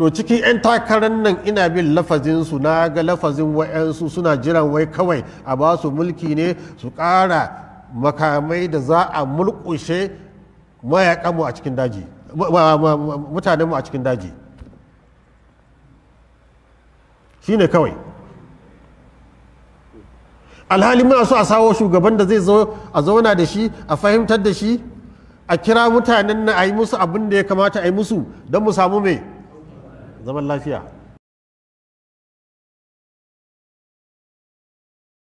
to cikin 'yan takarar nan ina bin lafazinsu na ga lafazin wa'yansu suna jiran wai kawai a ba su mulki ne su ƙara makamai da za a mulkushe mayakanmu a cikin daji mutanenmu a cikin daji shi ne kawai alhali muna so a sawo shugaban da zai zo a zauna da shi a fahimtar da shi a kira mutanen na a yi musu abin da ya kamata a yi musu don mu samu mai 真本拉西啊！